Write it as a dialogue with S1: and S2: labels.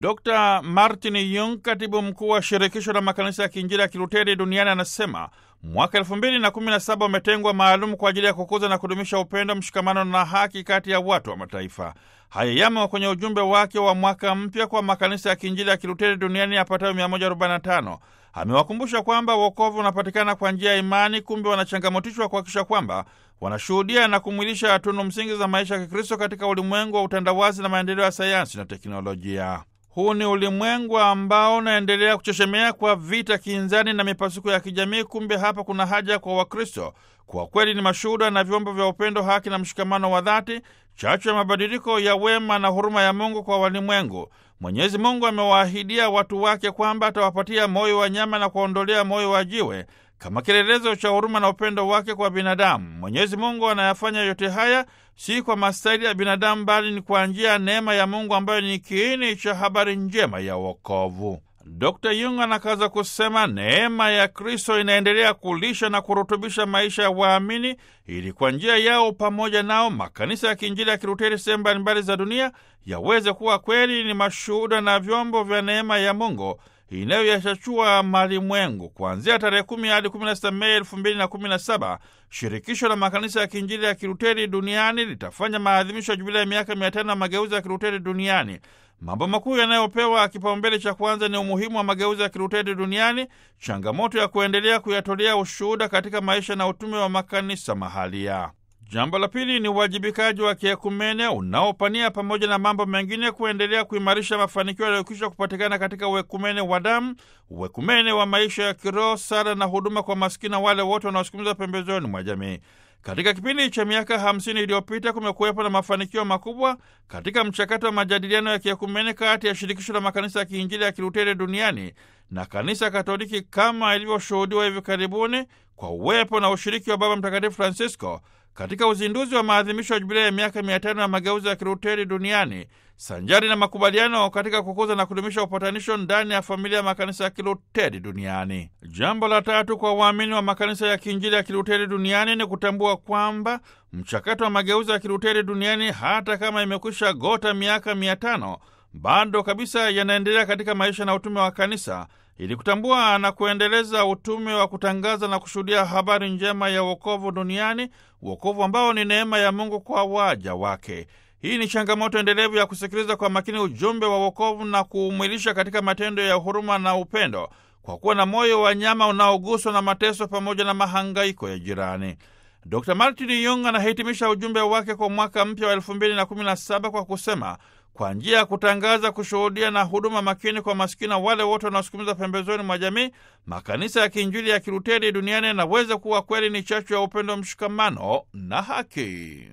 S1: Dr Martin Yung, katibu mkuu wa shirikisho la makanisa ya kiinjili ya kiluteri duniani, anasema mwaka elfu mbili na kumi na saba umetengwa maalum kwa ajili ya kukuza na kudumisha upendo, mshikamano na haki kati ya watu wa mataifa. Haya yamo kwenye ujumbe wake wa mwaka mpya kwa makanisa ya kiinjili ya kiluteri duniani yapatayo 145. Amewakumbusha kwamba wokovu unapatikana kwa njia ya imani, kumbe wanachangamotishwa kuhakikisha kwamba wanashuhudia na kumwilisha tunu msingi za maisha ya Kikristo katika ulimwengu wa utandawazi na maendeleo ya sayansi na teknolojia. Huu ni ulimwengu ambao unaendelea kuchechemea kwa vita, kinzani na mipasuko ya kijamii. Kumbe hapa kuna haja kwa Wakristo kwa kweli ni mashuhuda na vyombo vya upendo, haki na mshikamano wa dhati, chachu ya mabadiliko ya wema na huruma ya Mungu kwa walimwengu. Mwenyezi Mungu amewaahidia watu wake kwamba atawapatia moyo wa nyama na kuwaondolea moyo wa jiwe kama kielelezo cha huruma na upendo wake kwa binadamu, Mwenyezi Mungu anayafanya yote haya si kwa mastaili ya binadamu, bali ni kwa njia ya neema ya Mungu ambayo ni kiini cha habari njema ya wokovu. Dr. Jung anakaza kusema neema ya Kristo inaendelea kulisha na kurutubisha maisha ya waamini ili kwa njia yao pamoja nao makanisa ya kiinjili ya Kiluteri sehemu mbalimbali za dunia yaweze kuwa kweli ni mashuhuda na vyombo vya neema ya Mungu inayoyachachua malimwengu. Kuanzia tarehe kumi hadi 16 Mei 2017, shirikisho la makanisa ya kiinjili ya kiruteri duniani litafanya maadhimisho ya jubilia ya miaka 500 ya mageuzi ya kiruteri duniani. Mambo makuu yanayopewa kipaumbele cha kwanza ni umuhimu wa mageuzi ya kiruteri duniani, changamoto ya kuendelea kuyatolea ushuhuda katika maisha na utume wa makanisa mahalia. Jambo la pili ni uwajibikaji wa kiekumene unaopania pamoja na mambo mengine kuendelea kuimarisha mafanikio yaliyokwisha kupatikana katika uekumene wa damu, uekumene wa maisha ya kiroho, sala na huduma kwa na wale wote wanaosukumizwa pembezoni mwa jamii. Katika kipindi cha miaka hamsini iliyopita kumekuwepo na mafanikio makubwa katika mchakato wa majadiliano ya kiekumene kati ya shirikisho la makanisa ya kiinjili ya Kilutere duniani na kanisa Katoliki kama ilivyoshuhudiwa hivi karibuni kwa uwepo na ushiriki wa Baba Mtakatifu Francisco katika uzinduzi wa maadhimisho ya jubilia ya miaka mia tano ya mageuzi ya kiruteri duniani sanjari na makubaliano katika kukuza na kudumisha upatanisho ndani ya familia ya makanisa ya Kiluteri duniani. Jambo la tatu kwa waamini wa makanisa ya kiinjili ya Kiluteri duniani ni kutambua kwamba mchakato wa mageuzi ya Kiluteri duniani hata kama imekwisha gota miaka mia tano bado kabisa yanaendelea katika maisha na utume wa kanisa ili kutambua na kuendeleza utume wa kutangaza na kushuhudia habari njema ya uokovu duniani, uokovu ambao ni neema ya Mungu kwa waja wake. Hii ni changamoto endelevu ya kusikiliza kwa makini ujumbe wa uokovu na kuumwilisha katika matendo ya huruma na upendo, kwa kuwa na moyo wa nyama unaoguswa na mateso pamoja na mahangaiko ya jirani. Dr Martin Young anahitimisha ujumbe wake kwa mwaka mpya wa 2017 kwa kusema kwa njia ya kutangaza, kushuhudia na huduma makini kwa masikini na wale wote wanaosukumiza pembezoni mwa jamii, makanisa ya kiinjili ya Kiluteri duniani yanaweza kuwa kweli ni chachu ya upendo, mshikamano na haki.